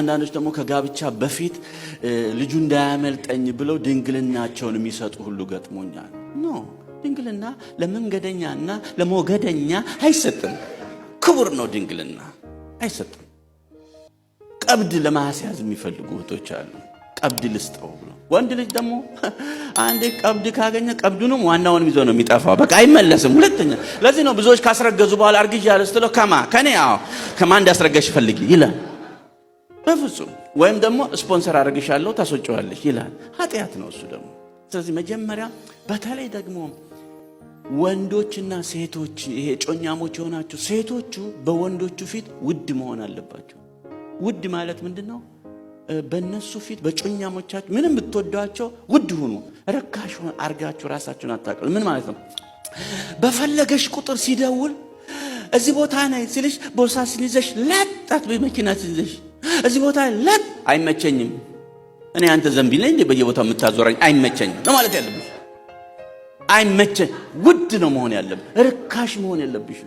አንዳንዶች ደግሞ ከጋብቻ በፊት ልጁ እንዳያመልጠኝ ብለው ድንግልናቸውን የሚሰጡ ሁሉ ገጥሞኛል። ኖ ድንግልና ለመንገደኛና ለሞገደኛ አይሰጥም። ክቡር ነው ድንግልና አይሰጥም። ቀብድ ለማስያዝ የሚፈልጉ እህቶች አሉ። ቀብድ ልስጠው ብሎ ወንድ ልጅ ደግሞ አንዴ ቀብድ ካገኘ ቀብዱንም ዋናውንም ይዞ ነው የሚጠፋው። በቃ አይመለስም። ሁለተኛ ለዚህ ነው ብዙዎች ካስረገዙ በኋላ አርግዣለሁ ስትለው ከማ ከኔ ከማ እንዳስረገሽ ፈልጊ ይላል። በፍጹም ወይም ደግሞ ስፖንሰር አድርግሻለሁ ታስወጪዋለሽ ይላል። ኃጢአት ነው እሱ ደግሞ። ስለዚህ መጀመሪያ በተለይ ደግሞ ወንዶችና ሴቶች ይሄ ጮኛሞች የሆናችሁ ሴቶቹ በወንዶቹ ፊት ውድ መሆን አለባቸው። ውድ ማለት ምንድን ነው? በእነሱ ፊት በጮኛሞቻቸ ምንም ብትወዷቸው ውድ ሁኑ። ረካሽ አርጋችሁ ራሳችሁን አታቅሉ። ምን ማለት ነው? በፈለገሽ ቁጥር ሲደውል እዚህ ቦታ ነይ ሲልሽ ቦርሳ ሲይዘሽ ለጣት በመኪና ሲይዘሽ እዚህ ቦታ ለት አይመቸኝም። እኔ አንተ ዘንቢ ነኝ እንዴ በየቦታው የምታዞረኝ? አይመቸኝም ነው ማለት ያለብሽ። አይመቸኝ ውድ ነው መሆን ያለብሽ፣ ርካሽ መሆን የለብሽ።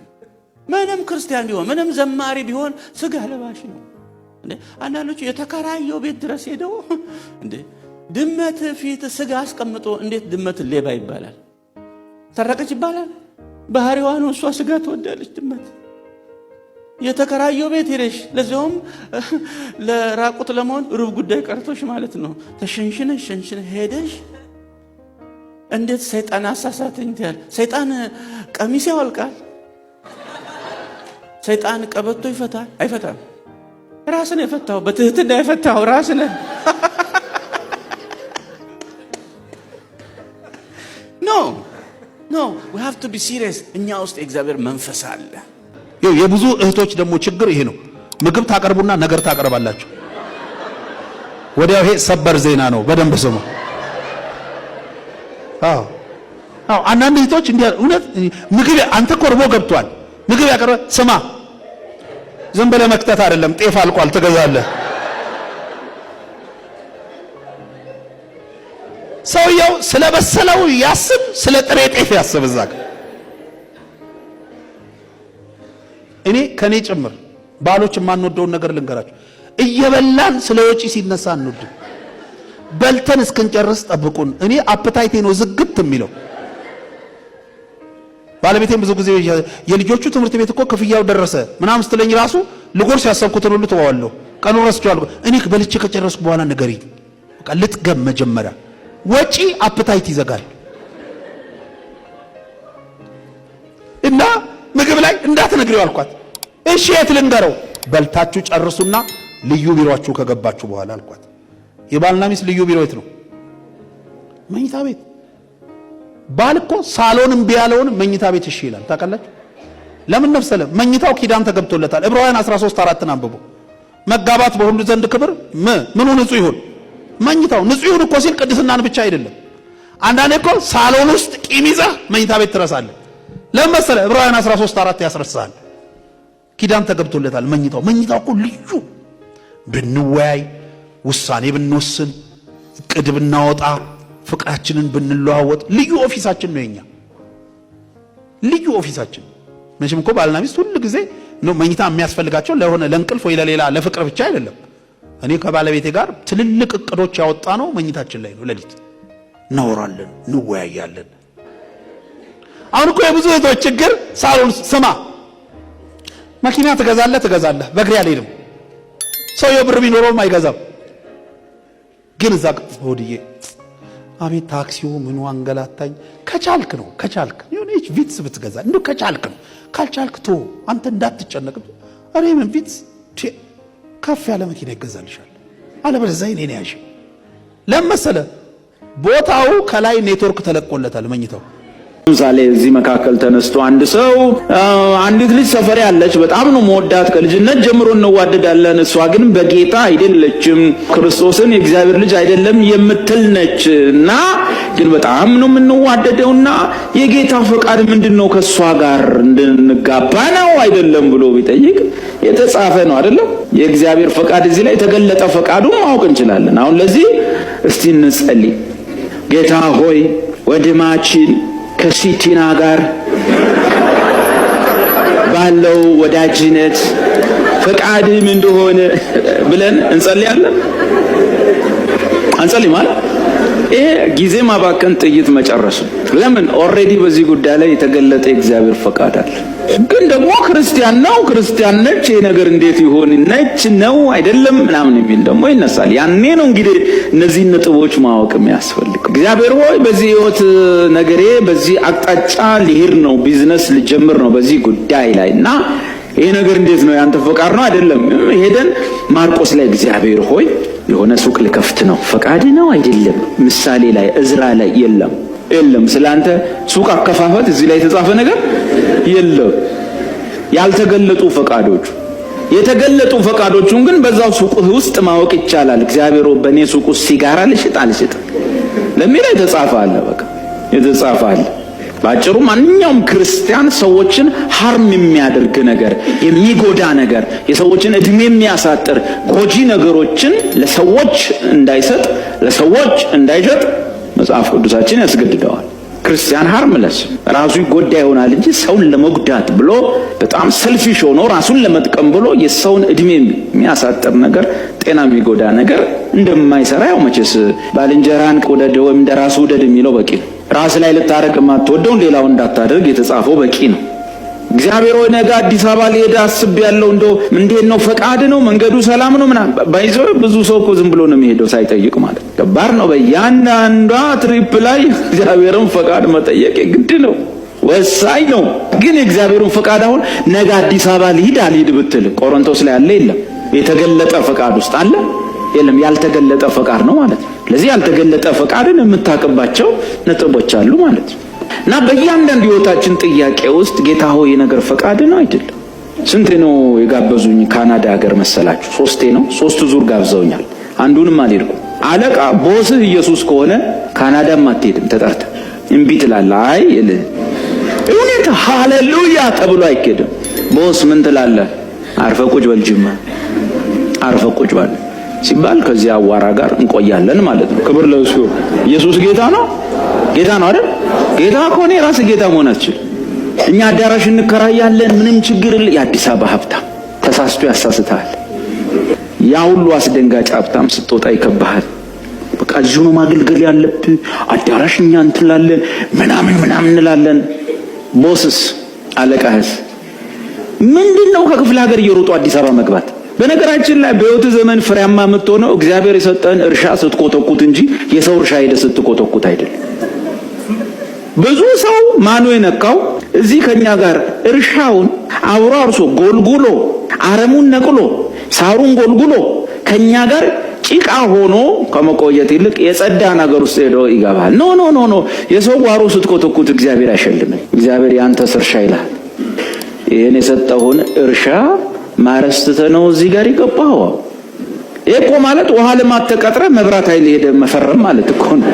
ምንም ክርስቲያን ቢሆን ምንም ዘማሪ ቢሆን ስጋ ለባሽ ነው። አንዳንዶቹ የተከራየው ቤት ድረስ ሄደው እንዴ ድመት ፊት ስጋ አስቀምጦ እንዴት ድመት ሌባ ይባላል? ሰረቀች ይባላል። ባህሪዋ ነው እሷ። ስጋ ትወዳለች ድመት የተከራየው ቤት ሄደሽ ለዚያውም ለራቁት ለመሆን ሩብ ጉዳይ ቀርቶሽ ማለት ነው። ተሸንሽነሽ ሸንሽነሽ ሄደሽ እንዴት ሰይጣን አሳሳተኝ ትያል። ሰይጣን ቀሚስ ያወልቃል። ሰይጣን ቀበቶ ይፈታል? አይፈታም። ራስን የፈታው በትህትና የፈታው ራስን ኖ ኖ ዊ ሃቭ ቱ ቢ ሲሪየስ። እኛ ውስጥ የእግዚአብሔር መንፈስ አለ። የብዙ እህቶች ደግሞ ችግር ይሄ ነው። ምግብ ታቀርቡና ነገር ታቀርባላችሁ። ወዲያው ይሄ ሰበር ዜና ነው። በደንብ ስሙ። አዎ አዎ። አንዳንድ እህቶች እንዲያ እውነት ምግብ አንተ ኮርቦ ገብቷል። ምግብ ያቀርበ ስማ፣ ዝም ብለህ መክተት አይደለም። ጤፍ አልቋል፣ ትገዛለህ። ሰውየው ስለበሰለው ያስብ፣ ስለ ጥሬ ጤፍ ያስብ እዛ ጋር እኔ ከእኔ ጭምር ባሎች የማንወደውን ነገር ልንገራችሁ። እየበላን ስለ ወጪ ሲነሳ አንወድም። በልተን እስክንጨርስ ጠብቁን። እኔ አፕታይቴ ነው ዝግት የሚለው። ባለቤቴም ብዙ ጊዜ የልጆቹ ትምህርት ቤት እኮ ክፍያው ደረሰ ምናምን ስትለኝ ራሱ ልጎርስ ያሰብኩትን ሁሉ ትዋዋለሁ። ቀኑ ረስቼዋለሁ። እኔ በልቼ ከጨረስኩ በኋላ ንገሪኝ። ልጥገብ መጀመሪያ። ወጪ አፕታይት ይዘጋል። ላይ እንዳትነግሪው አልኳት። እሺ የት ልንገረው? በልታችሁ ጨርሱና ልዩ ቢሮአችሁ ከገባችሁ በኋላ አልኳት። የባልና ሚስት ልዩ ቢሮ የት ነው? መኝታ ቤት። ባል እኮ ሳሎን ቢያለውን መኝታ ቤት እሺ ይላል። ታውቃላችሁ ለምን ነፍሰለ? መኝታው ኪዳን ተገብቶለታል። ዕብራውያን 13 አራትን አንብቦ መጋባት በሁሉ ዘንድ ክብር ምኑ ንጹህ ይሁን መኝታው ንጹህ ይሁን እኮ ሲል ቅድስናን ብቻ አይደለም። አንዳንዴ እኮ ሳሎን ውስጥ ቂም ይዘህ መኝታ ቤት ትረሳለህ። ለምን መሰለ ዕብራውያን 13 አራት ያስረሳል። ኪዳን ተገብቶለታል። መኝታው መኝታው እኮ ልዩ ብንወያይ፣ ውሳኔ ብንወስን፣ እቅድ ብናወጣ፣ ፍቅራችንን ብንለዋወጥ ልዩ ኦፊሳችን ነው የኛ ልዩ ኦፊሳችን። መቼም እኮ ባልና ሚስት ሁሉ ጊዜ ነው መኝታ የሚያስፈልጋቸው ለሆነ ለእንቅልፍ ወይ ለሌላ ለፍቅር ብቻ አይደለም። እኔ ከባለቤቴ ጋር ትልልቅ እቅዶች ያወጣ ነው መኝታችን ላይ ነው። ለሊት እናወራለን፣ እንወያያለን አሁን እኮ የብዙ እህቶች ችግር ሳሎን ስማ፣ መኪና ትገዛለህ ትገዛለህ፣ በእግሬ አልሄድም። ሰውየው ብር ቢኖረውም አይገዛም። ግን እዛ ሆድዬ አሜን ታክሲው ምኑ አንገላታኝ። ከቻልክ ነው ከቻልክ የሆነች ቪትስ ብትገዛ እንዲሁ ከቻልክ ነው። ካልቻልክ ቶ አንተ እንዳትጨነቅ። ኧረ ምን ቪትስ ከፍ ያለ መኪና ይገዛልሻል። አለበለዚያ እኔ ነው ያልሽ። ለምን መሰለህ? ቦታው ከላይ ኔትወርክ ተለቆለታል መኝተው ለምሳሌ እዚህ መካከል ተነስቶ አንድ ሰው አንዲት ልጅ ሰፈር ያለች በጣም ነው መወዳት፣ ከልጅነት ጀምሮ እንዋደዳለን፣ እሷ ግን በጌታ አይደለችም፣ ክርስቶስን የእግዚአብሔር ልጅ አይደለም የምትል ነች እና ግን በጣም ነው የምንዋደደውና የጌታ ፈቃድ ምንድን ነው ከእሷ ጋር እንድንጋባ ነው አይደለም ብሎ ቢጠይቅ የተጻፈ ነው አይደለም። የእግዚአብሔር ፈቃድ እዚህ ላይ የተገለጠ ፈቃዱን ማወቅ እንችላለን። አሁን ለዚህ እስቲ እንጸልይ። ጌታ ሆይ ወንድማችን ከሲቲና ጋር ባለው ወዳጅነት ፈቃድም እንደሆነ ብለን እንጸልያለን። አንጸልይ ማለት ይሄ ጊዜ ማባከን ጥይት መጨረሱ ለምን ኦልሬዲ በዚህ ጉዳይ ላይ የተገለጠ እግዚአብሔር ፈቃድ አለ። ግን ደግሞ ክርስቲያን ነው ክርስቲያን ነች፣ ይሄ ነገር እንዴት ይሆን ነች ነው አይደለም ምናምን የሚል ደግሞ ይነሳል። ያኔ ነው እንግዲህ እነዚህን ነጥቦች ማወቅ የሚያስፈልግ። እግዚአብሔር ሆይ በዚህ ህይወት ነገሬ በዚህ አቅጣጫ ሊሄድ ነው፣ ቢዝነስ ልጀምር ነው በዚህ ጉዳይ ላይ እና ይሄ ነገር እንዴት ነው ያንተ ፈቃድ ነው አይደለም? ሄደን ማርቆስ ላይ እግዚአብሔር ሆይ የሆነ ሱቅ ልከፍት ነው ፈቃድ ነው አይደለም? ምሳሌ ላይ እዝራ ላይ የለም የለም። ስላንተ ሱቅ አከፋፈት እዚህ ላይ የተጻፈ ነገር የለም። ያልተገለጡ ፈቃዶቹ የተገለጡ ፈቃዶቹን ግን በዛው ሱቅህ ውስጥ ማወቅ ይቻላል። እግዚአብሔር በኔ ሱቅ ውስጥ ሲጋራ ልሽጥ አልሽጥም ለሚለው የተጻፈ አለ። በቃ የተጻፈ አለ። ባጭሩ ማንኛውም ክርስቲያን ሰዎችን ሀርም የሚያደርግ ነገር፣ የሚጎዳ ነገር፣ የሰዎችን እድሜ የሚያሳጥር ጎጂ ነገሮችን ለሰዎች እንዳይሰጥ፣ ለሰዎች እንዳይሸጥ መጽሐፍ ቅዱሳችን ያስገድደዋል። ክርስቲያን ሀርምለስ ራሱ ይጎዳ ይሆናል እንጂ ሰውን ለመጉዳት ብሎ በጣም ሰልፊሽ ሆኖ ራሱን ለመጥቀም ብሎ የሰውን እድሜ የሚያሳጥር ነገር፣ ጤና የሚጎዳ ነገር እንደማይሰራ ያው መቼስ ባልንጀራን ውደድ ወይም እንደ ራሱ ውደድ የሚለው በቂ ነው። ራስ ላይ ልታረግ የማትወደውን ሌላውን እንዳታደርግ የተጻፈው በቂ ነው። እግዚአብሔር ሆይ ነገ አዲስ አበባ ሊሄድ አስብ ያለው እንደ እንዴት ነው ፈቃድ ነው መንገዱ ሰላም ነው ምና ባይዞ ብዙ ሰው እኮ ዝም ብሎ ነው የሚሄደው ሳይጠይቅ ማለት ከባድ ነው። በእያንዳንዷ ትሪፕ ላይ እግዚአብሔርን ፈቃድ መጠየቅ ግድ ነው፣ ወሳኝ ነው። ግን የእግዚአብሔርን ፈቃድ አሁን ነገ አዲስ አበባ ሊሄድ አልሄድ ብትል ቆሮንቶስ ላይ አለ የለም? የተገለጠ ፈቃድ ውስጥ አለ የለም? ያልተገለጠ ፈቃድ ነው ማለት ነው። ያልተገለጠ ፈቃድን የምታቅባቸው ነጥቦች አሉ ማለት ነው። እና በእያንዳንዱ ህይወታችን ጥያቄ ውስጥ ጌታ ሆይ የነገር ፈቃድ ነው አይደለም። ስንቴ ነው የጋበዙኝ ካናዳ ሀገር መሰላችሁ? ሶስቴ ነው። ሶስት ዙር ጋብዘውኛል። አንዱንም አልሄድኩም። አለቃ ቦስህ ኢየሱስ ከሆነ ካናዳም አትሄድም ተጠርተ እምቢ ትላለ። አይ ይል እውነት ሃሌሉያ ተብሎ አይኬድም። ቦስ ምን ትላለ? አርፈ ቁጭ በል ጅማ አርፈ ቁጭ በል ሲባል ከዚያ አዋራ ጋር እንቆያለን ማለት ነው። ክብር ለሱ። ኢየሱስ ጌታ ነው፣ ጌታ ነው አይደል? ጌታ ከሆነ ራስ ጌታ አትችል። እኛ አዳራሽ እንከራያለን፣ ምንም ችግር የለ። የአዲስ አበባ ሀብታም ተሳስቶ ያሳስታል። ያ ሁሉ አስደንጋጭ ሀብታም ስትወጣ ይከባሃል። በቃ እዚሁ ነው ማገልገል ያለብ አዳራሽ እኛ እንትላለን ምናምን ምናምን እንላለን። ቦስስ አለቃህስ ምንድን ነው? ከክፍለ ሀገር እየሮጡ አዲስ አበባ መግባት። በነገራችን ላይ በህይወት ዘመን ፍሬያማ የምትሆነው እግዚአብሔር የሰጠን እርሻ ስትቆጠቁት እንጂ የሰው እርሻ ሄደ ስትቆጠቁት አይደለም። ብዙ ሰው ማኑ የነካው እዚህ ከኛ ጋር እርሻውን አብሮ አርሶ ጎልጉሎ አረሙን ነቅሎ ሳሩን ጎልጉሎ ከኛ ጋር ጭቃ ሆኖ ከመቆየት ይልቅ የጸዳ ነገር ውስጥ ሄዶ ይገባል። ኖ ኖ ኖ ኖ የሰው ጓሮ ስትኮተኩት እግዚአብሔር አይሸልምን። እግዚአብሔር ያንተ እርሻ ይላል። ይህን የሰጠውን እርሻ ማረስ ነው እዚህ ጋር ይገባው። ይህ እኮ ማለት ውሃ ልማት ተቀጥረ መብራት ኃይል ሄደ መፈረም ማለት እኮ ነው።